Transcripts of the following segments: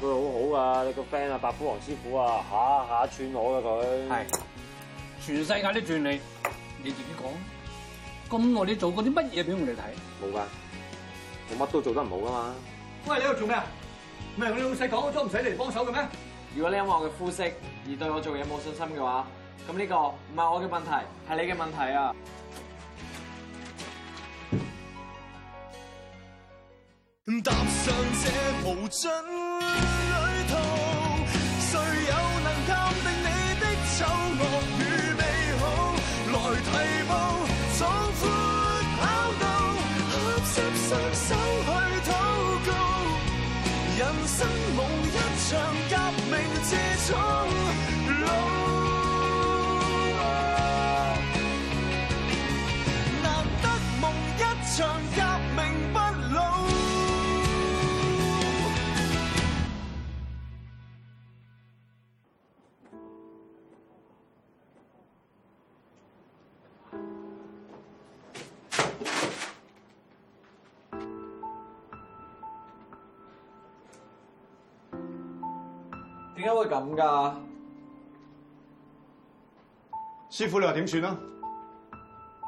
佢好好啊，你個 friend 啊，白虎王師傅啊，下下串我啊。佢，係全世界都串你，你自己講，咁耐你做過啲乜嘢俾我哋睇？冇㗎，我乜都做得唔好㗎嘛。喂，你喺度做咩啊？唔係我哋老細講，我都唔使你嚟幫手嘅咩？如果你因為我嘅膚色而對我做嘢冇信心嘅話，咁呢個唔係我嘅問題，係你嘅問題啊！踏上這無盡。點會咁噶？師傅，你話點算啊？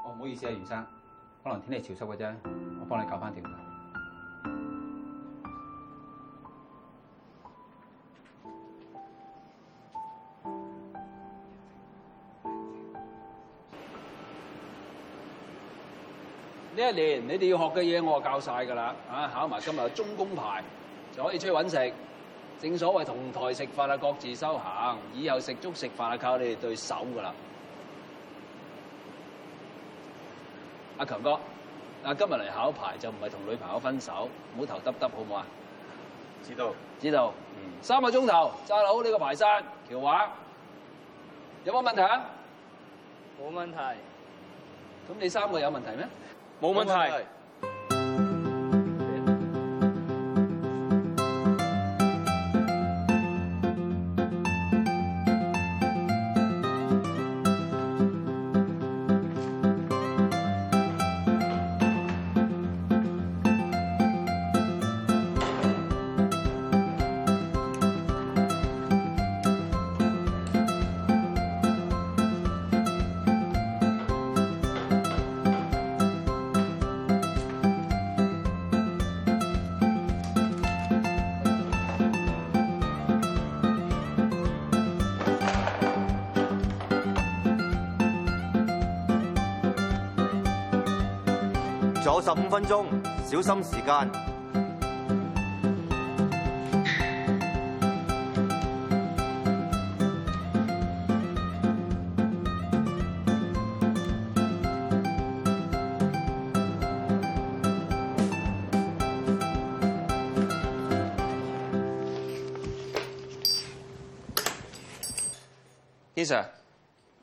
哦，唔好意思啊，袁生，可能天氣潮濕嘅啫，我幫你搞翻掂。呢一年你哋要學嘅嘢，我就教晒噶啦，啊，考埋今日中工牌，就可以出去搵食，正所謂同台食飯啊，各自修行。以後食粥食飯啊，靠你哋對手㗎喇。阿強哥，啊，今日嚟考牌就唔係同女朋友分手，唔好頭耷耷好唔好啊？知道，知道。三個鐘頭揸好呢個牌山，橋華有冇問題啊？冇問題。咁你三個有問題咩？冇問題。十五分鐘，小心時間。Lisa，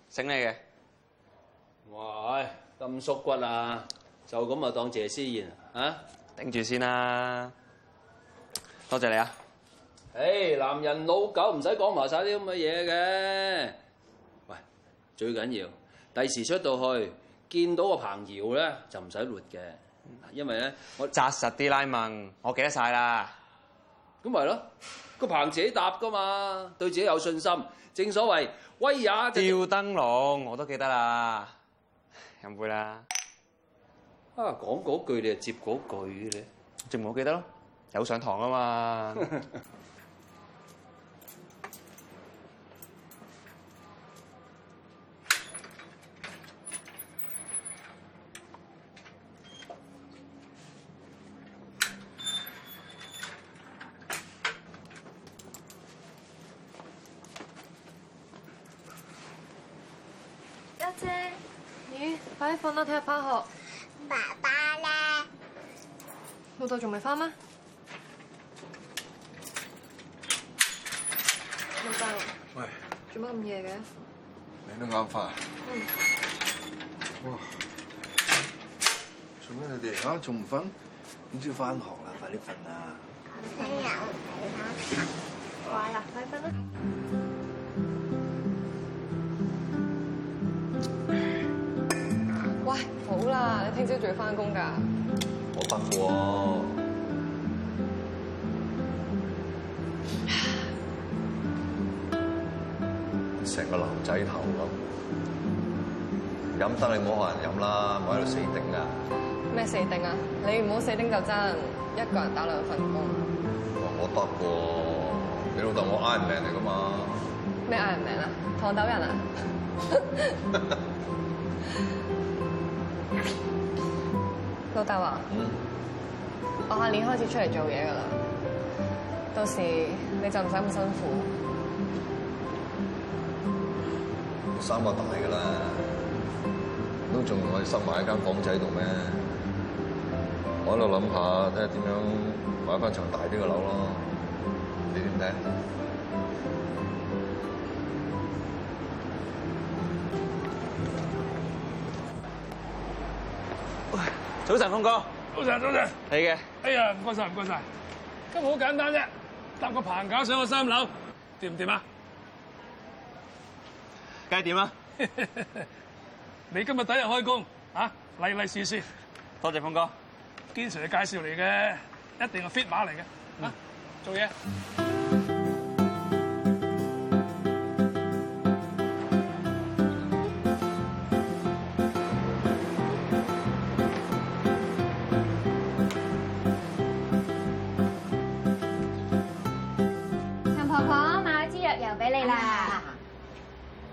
醒你嘅。喂，咁縮骨啊！就咁啊，當謝師宴啊，頂住先啦！多謝你啊！誒，男人老狗唔使講埋晒啲咁嘅嘢嘅。喂，最緊要第時出到去見到個棚搖咧，就唔使活嘅，因為咧我扎實啲拉問，我記得晒啦。咁咪咯，個棚自己答噶嘛，對自己有信心。正所謂威也。吊燈籠我都記得啦，飲杯啦。啊，講嗰句你就接嗰句咧，仲唔好記得咯？有上堂啊嘛！家 姐，姐，你快放到佢返學。爸爸啦，老豆仲未翻咩？老豆，喂，做乜咁夜嘅？你都眼花。嗯。哇，做咩你哋而家，仲唔瞓？點知翻學啦？快啲瞓啦。我聽日唔睇啦。掛快拜拜啦。來聽朝仲要翻工噶，我得喎。成個男仔頭咁飲得，你唔好學人飲啦，我喺度死頂啊！咩死頂啊？你唔好死頂就真，一個人打兩份工。我得喎、啊，你老豆我 Ironman 嚟噶嘛？咩 Ironman 啊？熨斗人啊？ 都得啊，嗯、我下年開始出嚟做嘢噶啦，到時你就唔使咁辛苦。三個大噶啦，都仲可以塞埋一間房仔度咩？我喺度諗下，睇下點樣買翻場大啲嘅樓咯，你點睇？早晨，峰哥。早晨，早晨。你嘅。哎呀，唔該晒唔該晒，今日好簡單啫，搭個棚架上去三樓，掂唔掂啊？梗係掂啊！你今日第一日開工，啊，利利是是。多謝峰哥，堅 Sir 嘅介紹嚟嘅，一定係 fit 馬嚟嘅。嚇，嗯、做嘢。俾你啦，嗯、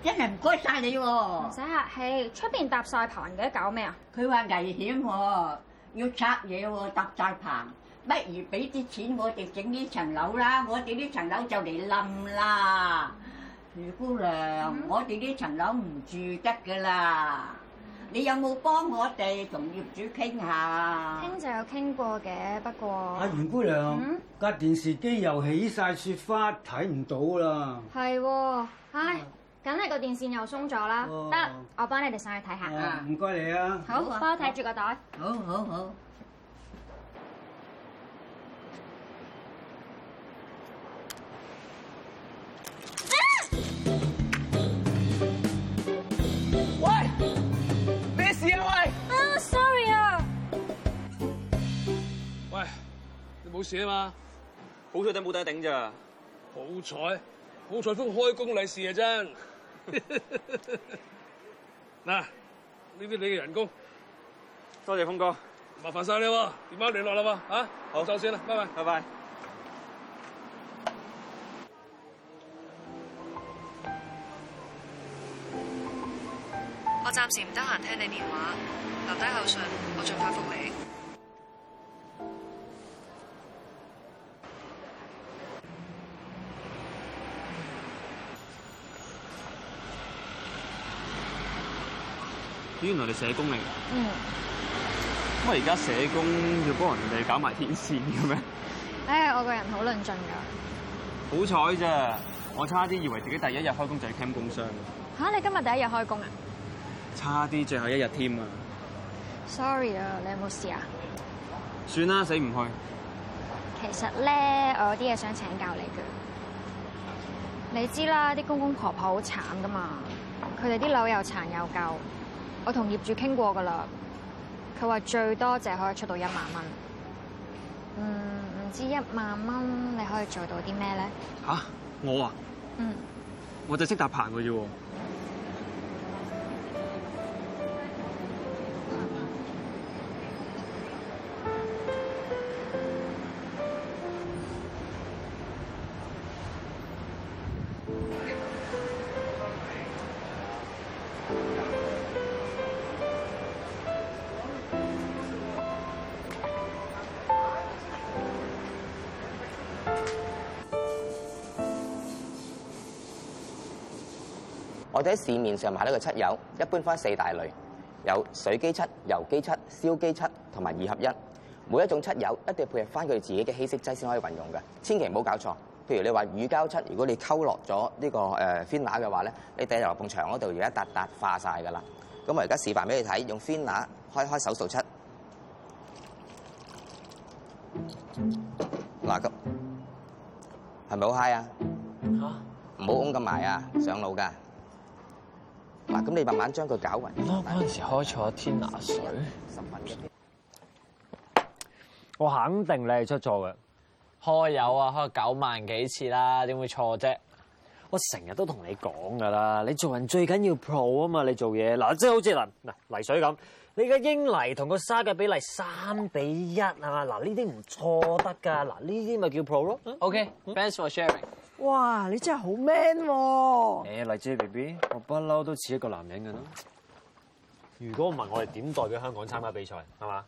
真係唔該晒你，啊，唔使客氣。出面搭晒棚嘅，搞咩啊？佢話危險喎，要拆嘢喎，啊，搭晒棚，不如俾啲錢我哋整呢層樓啦。我哋呢層樓就嚟冧啦，余姑娘，嗯、我哋呢層樓唔住得噶啦。你有冇幫我哋同業主傾下？傾就有傾過嘅，不過阿袁姑娘，嗯、架電視機又起晒雪花，睇唔到啦。係，唉，梗係個電線又鬆咗啦。得、哦，我幫你哋上去睇下啊。唔該、哦、你啊。好，幫我睇住個袋。好好好。好好冇事啊嘛，好彩得冇得頂咋，好彩，好彩封開工利 是啊真。嗱，呢啲你嘅人工。多謝峰哥，麻煩晒你喎，電話聯絡啦喎，啊，好，收先啦，拜拜，拜拜。我暫時唔得閒聽你電話，留低口信，我盡快覆你。原來你社工嚟㗎？嗯。咁我而家社工要幫人哋搞埋天線嘅咩？唉，我個人好論盡㗎。好彩咋，我差啲以為自己第一日開工就要簽工傷。嚇、啊！你今日第一日開工啊？差啲最後一日添啊！Sorry 啊，你有冇事啊？算啦，死唔去。其實咧，我有啲嘢想請教你嘅。你知啦，啲公公婆婆好慘㗎嘛，佢哋啲樓又殘又舊。我同業主傾過噶啦，佢話最多淨係可以出到一萬蚊。嗯，唔知一萬蚊你可以做到啲咩咧？吓、啊？我啊？嗯，我就識搭棚㗎咋喎。我哋喺市面上買到嘅漆油，一般分四大類，有水基漆、油基漆、消基漆同埋二合一。每一種漆油一定要配合翻佢自己嘅稀釋劑先可以運用嘅，千祈唔好搞錯。譬如你話乳膠漆，如果你溝落咗呢個誒 f i 嘅話咧，你掟入磅牆嗰度，而家笪笪化晒噶啦。咁我而家示範俾你睇，用 f i n i 開開手掃漆。嗱咁、嗯，係咪好嗨 i 啊？嚇、啊！唔好㧬咁埋啊，上腦㗎！嗱，咁你慢慢將佢搞勻。嗰陣時開錯天拿水。我肯定你係出錯嘅。開有啊，開九萬幾次啦，點會錯啫？我成日都同你講噶啦，你做人最緊要 pro 啊嘛，你做嘢嗱，即係好似嗱嗱泥水咁，你嘅英泥同個沙嘅比例三比一啊，嗱呢啲唔錯得噶，嗱呢啲咪叫 pro 咯。OK，thanks、嗯、for sharing。哇，你真係好 man 喎、欸！誒、欸，黎姿 B B，我不嬲都似一個男人嘅啦。如果唔係我哋點代表香港參加比賽，係嘛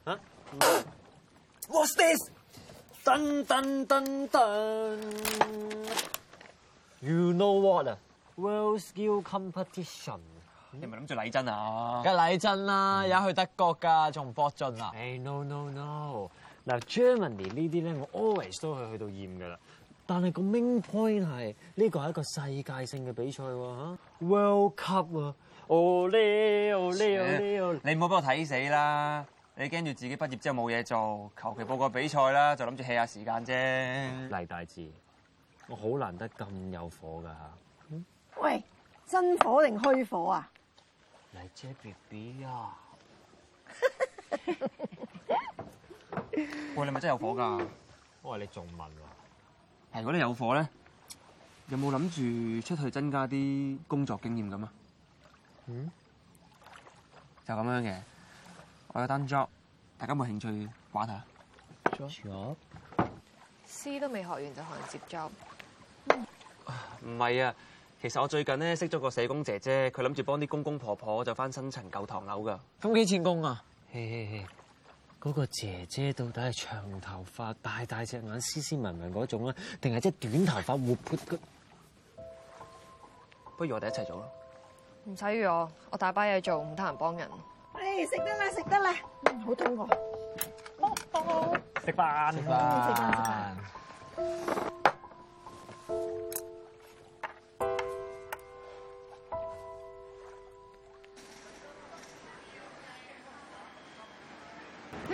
？What's this？噔噔噔噔，You know what？World Skills Competition、嗯。你咪諗住嚟真啊？梗係嚟真啦，有、嗯、去德國㗎，仲霍俊啊、hey,？No no no，嗱，Germany 呢啲咧，我 always 都係去到厭㗎啦。但係個 main point 係呢個係一個世界性嘅比賽喎，World Cup 喎，哦呢哦呢哦呢，你唔好俾我睇死啦！你驚住自己畢業之後冇嘢做，求其報個比賽啦，就諗住 hea 下時間啫。黎大志，我好難得咁有火噶吓！喂，真火定虛火啊？黎姐 B B 啊！喂，你咪真有火噶？喂，你仲問？係，如果你有火咧，有冇諗住出去增加啲工作經驗咁啊？嗯，就咁樣嘅，我有單 job，大家冇興趣玩下？job。C 都未學完就學人接 job？唔係啊，其實我最近咧識咗個社工姐姐，佢諗住幫啲公公婆婆就翻新層舊唐樓噶。咁幾錢工啊？嘿嘿嘿。嗰個姐姐到底係長頭髮、大大隻眼、斯斯文文嗰種啊，定係即係短頭髮、活潑嘅？不如我哋一齊做咯。唔使預我，我大把嘢做，唔得閒幫人。唉、哎，食得啦，食得啦，好肚餓，食、哦哦、飯，食飯。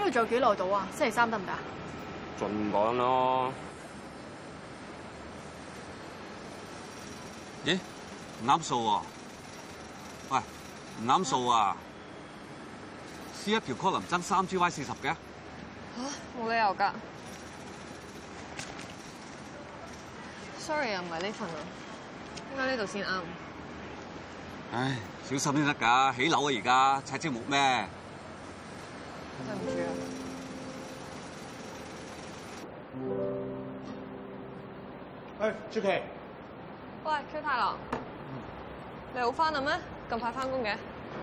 都要做幾耐到啊？星期三得唔得？盡講咯。咦、欸？唔啱數喎。喂，唔啱數啊！C、啊、一條 column 增三 G Y 四十嘅。吓、啊，冇理由噶。Sorry 啊，又唔係呢份啊，應該呢度先啱。唉，小心先得噶，起樓啊而家，砌積木咩？對唔住啊，喂，雪琪，喂，崔太郎，嗯、你好翻啊咩？咁快翻工嘅？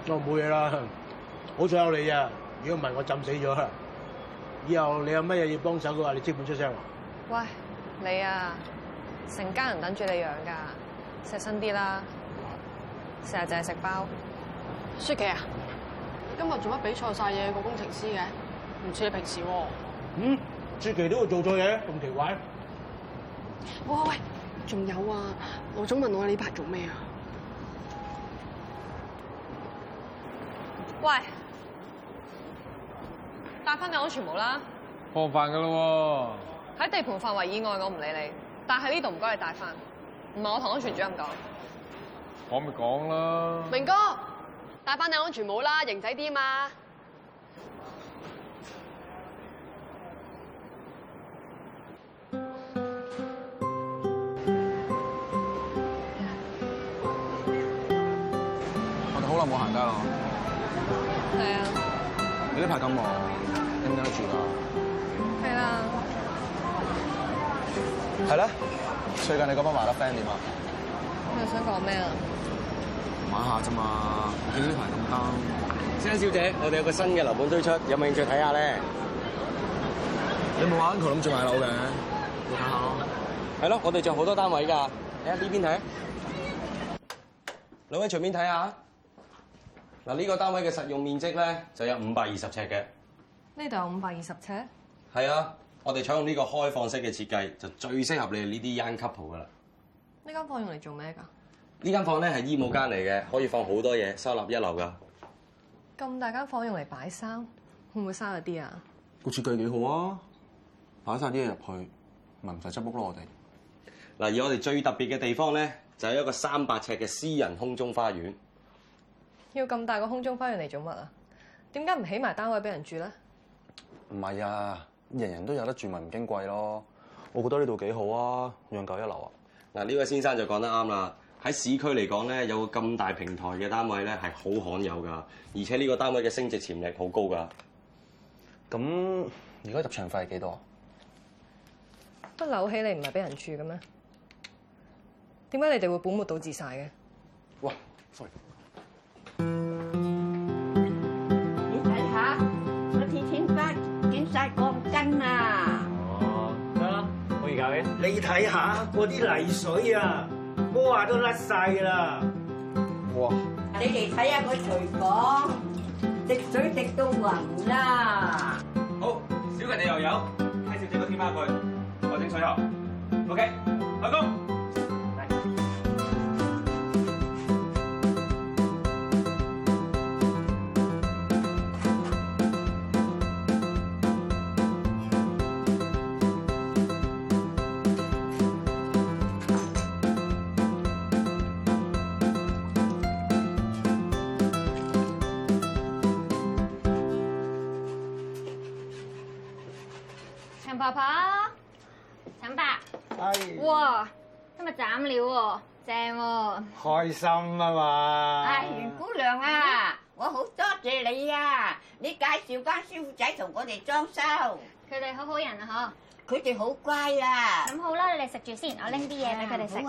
我冇嘢啦，好彩有你啊！如果唔係我浸死咗，以後你有乜嘢要幫手嘅話，你即管出聲啦。喂，你啊，成家人等住你養噶，錫身啲啦，成日淨係食包。雪琪啊。今日做乜比賽晒嘢個工程師嘅，唔似你平時喎。嗯，雪琪都會做錯嘢，咁奇怪？喂喂喂，仲有啊，老總問我呢排做咩啊？喂，帶翻嘅安全帽啦。麻煩噶咯。喺地盤範圍以外，我唔理你。但係呢度唔該你帶翻，唔係我同安全主任講。我咪講啦。明哥。買翻頂安全帽啦，型仔啲嘛！我哋好耐冇行街咯。係啊！你呢排咁忙，跟唔跟得住㗎？係啦。係啦，最近你嗰班麻甩 friend 點啊？你想講咩啊？下啫嘛，點解排咁啱？張小姐，我哋有個新嘅樓盤推出，有冇興趣睇下咧？你冇玩 uncle 諗住買樓嘅，你睇下咯。係咯，我哋仲有好多單位㗎。睇下呢邊睇，兩位隨便睇下。嗱，呢個單位嘅實用面積咧就有五百二十尺嘅。呢度有五百二十尺？係啊，我哋採用呢個開放式嘅設計，就最適合你哋呢啲 young couple 㗎啦。呢間房用嚟做咩㗎？呢間房咧係衣帽間嚟嘅，可以放好多嘢，收納一流㗎。咁大間房用嚟擺衫，會唔會嘥咗啲啊？個設計幾好啊！擺晒啲嘢入去，咪唔使執屋咯，我哋。嗱，而我哋最特別嘅地方咧，就係一個三百尺嘅私人空中花園。要咁大個空中花園嚟做乜啊？點解唔起埋單位俾人住咧？唔係啊，人人都有得住咪唔矜貴咯。我覺得呢度幾好啊，養狗一流啊。嗱，呢位先生就講得啱啦。喺市區嚟講咧，有個咁大平台嘅單位咧，係好罕有噶，而且呢個單位嘅升值潛力好高噶。咁，而家入場費係幾多？不扭起你唔係俾人住嘅咩？點解你哋會本末倒置晒嘅？喂，sorry，你睇下、哦，我啲天花捲晒鋼筋啊！哦，得啦，可以搞嘅。你睇下嗰啲泥水啊！毛啊都甩晒啦，哇！你哋睇下個廚房，滴水滴到暈啦。好，小人哋又有，介小姐個天花板，我整水喉，OK，開工。了喎，正喎，開心啊嘛！哎，袁姑娘啊，我好多謝你啊！你介紹間師傅仔同我哋裝修，佢哋好好人啊，嗬，佢哋好乖啊！咁好啦，你哋食住先，我拎啲嘢俾佢哋食。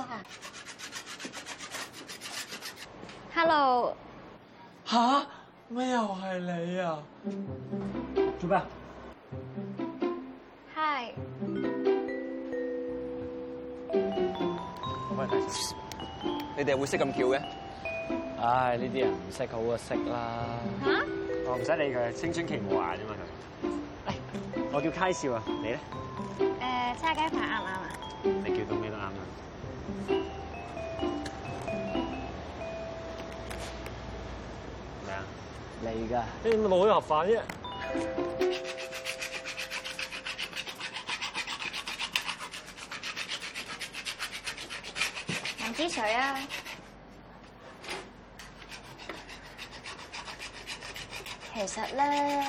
Hello。嚇？咩又係你啊？做咩？你哋會識咁叫嘅？唉，呢啲人唔識好過識啦。嚇！我唔使理佢，青春期無限啊嘛。嚟，我叫 Kai 少啊，你咧？誒，叉雞飯啱唔啱啊？你叫到咩都啱啊。咩啊？你㗎？你咪老友盒飯啫。啲水啊！其實咧，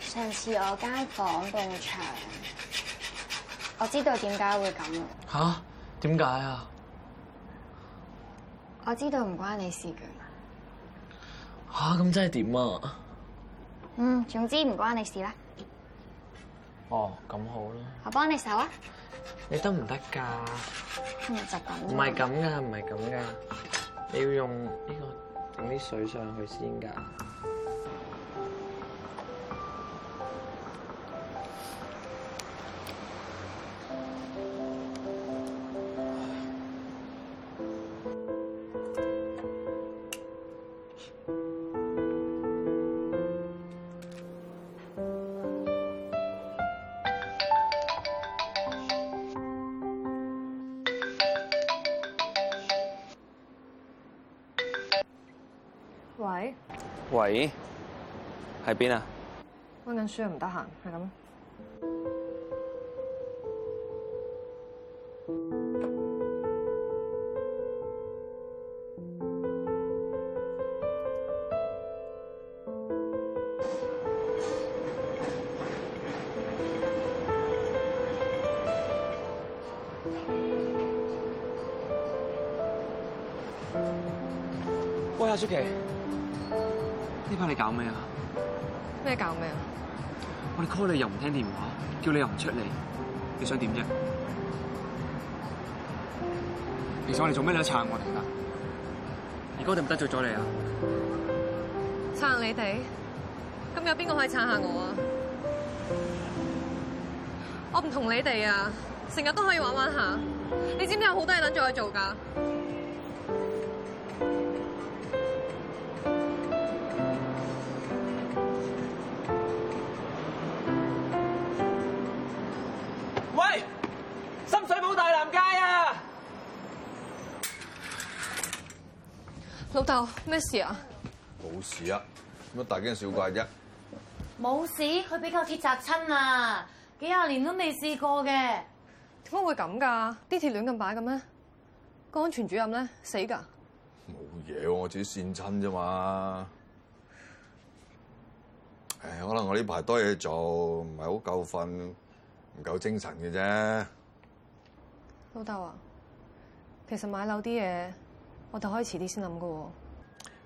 上次我間房咁長，我知道點解會咁。吓？點解啊？為我知道唔關你事㗎。吓？咁即係點啊？嗯，總之唔關你事啦。哦，咁好啦。我幫你手啊！你得唔得㗎？唔係咁，唔係咁㗎，你要用呢個整啲水上去先㗎。喂，喺邊啊？溫緊書啊，唔得閒，係咁。喂，雪琪。呢排你搞咩啊？咩搞咩啊？我哋 call 你又唔聽電話，叫你又唔出嚟，你想點啫？其實我哋做咩你都撐我哋噶而哥哋唔得罪咗你啊？撐你哋？咁有邊個可以撐下我啊？我唔同你哋啊，成日都可以玩玩下。你知唔知有好多嘢等住去做噶？老豆，咩事啊？冇事啊，乜大驚小怪啫？冇事，佢俾嚿鐵砸親啊。幾廿年都未試過嘅，點解會咁噶？啲鐵亂咁擺咁咩？個安全主任咧，死噶？冇嘢，啊，我自己跣親啫嘛。唉，可能我呢排多嘢做，唔係好夠瞓，唔夠精神嘅啫。老豆啊，其實買樓啲嘢，我就可以遲啲先諗噶，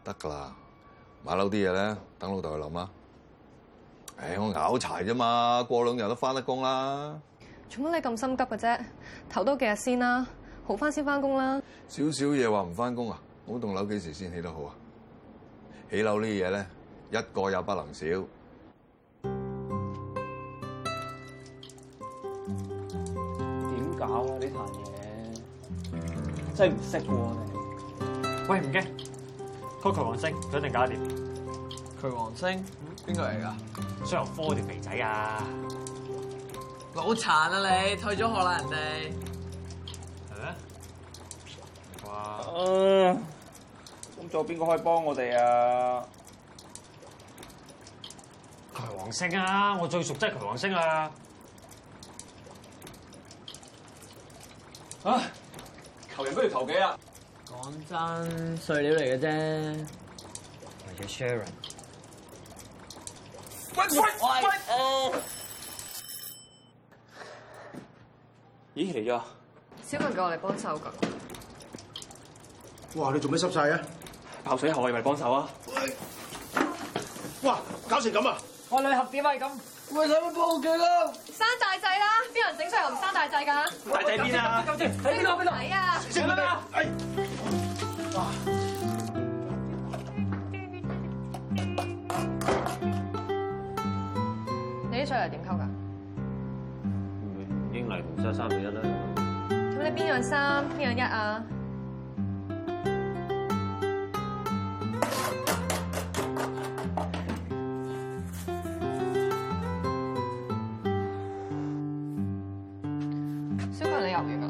得噶啦，買樓啲嘢咧，等老豆去諗啊。唉、哎，我拗柴啫嘛，過兩日都翻得工啦。做乜你咁心急嘅啫？唞多幾日先啦，好翻先翻工啦。少少嘢話唔翻工啊？嗰棟樓幾時先起得好啊？起樓呢嘢咧，一個也不能少。點搞啊？呢壇嘢真係唔識喎。喂，唔驚，call 渠王星，等陣搞掂。渠王星，邊個嚟噶？雙游科嗰條肥仔啊！腦殘啦你，退咗學啦人哋，係咩？哇！咁仲有邊個可以幫我哋啊？渠王星啊，我最熟悉渠王星啦。啊，求人不如求佢啊！講真，碎料嚟嘅啫。為咗 Sharon。喂喂喂！咦，嚟咗？小強叫我嚟幫手噶。哇！你做咩濕晒？啊？爆水喉係咪幫手啊？哇！搞成咁啊！我兩盒點會咁？喂，睇緊報警啦，生大掣啦！邊人整出嚟唔生大掣㗎？大掣邊啊？喺邊度？邊度？啊？啦！出嚟點溝㗎？經嚟同出三比一啦。咁你邊樣三，邊樣一啊？小強 你游完啦？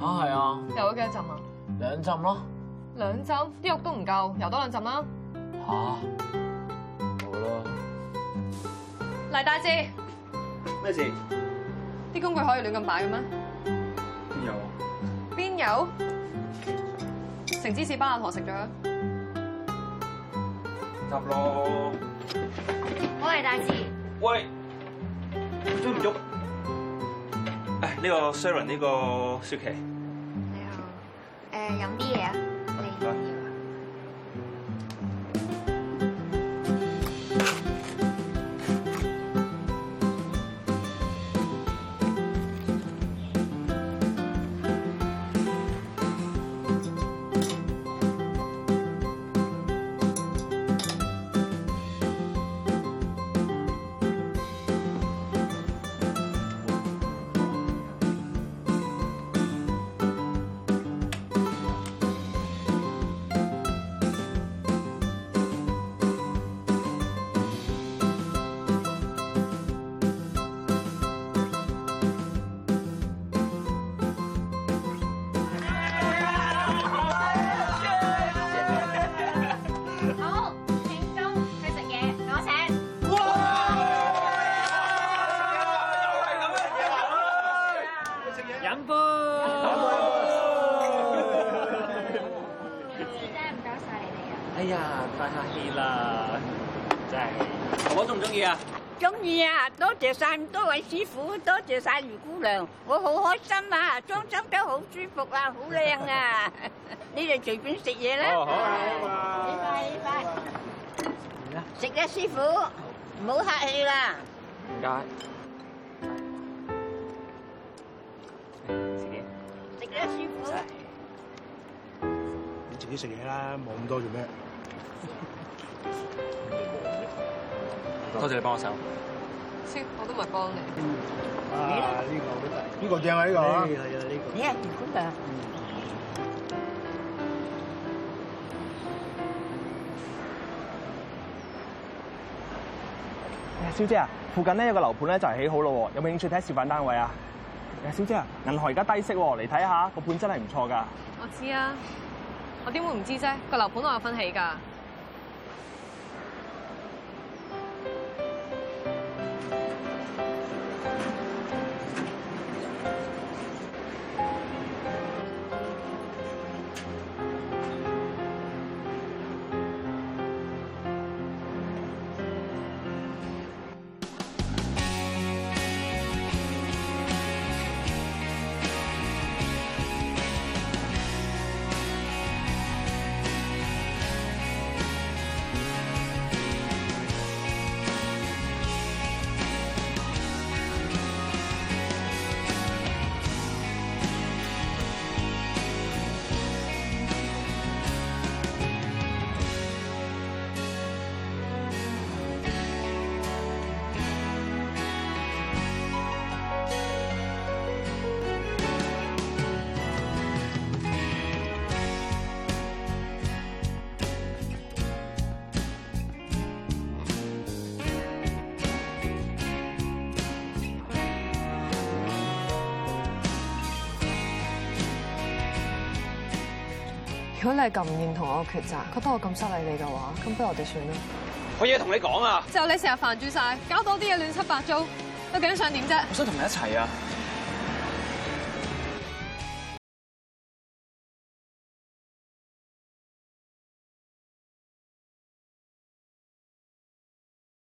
嚇？係啊！游咗幾多浸啊？少兩浸咯。兩浸啲肉都唔夠，遊多,多兩浸啊？嚇！黎大志，咩事？啲工具可以亂咁擺嘅咩？邊有？邊有？成芝士班阿婆食咗。執咯。喂，大志。喂。喐唔喐？哎、這個，呢個 Sharon 呢個雪琪。你好。誒、呃，飲啲嘢啊。呀！多謝晒多位師傅，多謝晒魚姑娘，我好開心啊！裝修得好舒服啊，好靚啊！你哋隨便食嘢啦。好啊，拜拜。食啊，師傅，唔好客氣啦。唔該。食啊，師傅。唔該。你自己食嘢啦，冇咁多做咩？多謝你幫我手。先，我都咪幫你。啊，呢個呢個正啊呢個。係啊，呢個。咦？唔該曬。嗯。小姐啊，附近呢有個樓盤咧就係起好咯喎，有冇興趣睇示範單位啊？小姐啊，銀行而家低息喎，嚟睇下個盤真係唔錯㗎。我知啊，我點會唔知啫？個樓盤我有分起㗎。如果你係咁唔認同我嘅抉擇，覺得我咁失禮你嘅話，咁不如我哋算啦。我嘢同你講啊，就你成日煩住晒，搞到啲嘢亂七八糟，究竟想點啫？我想同你一齊啊！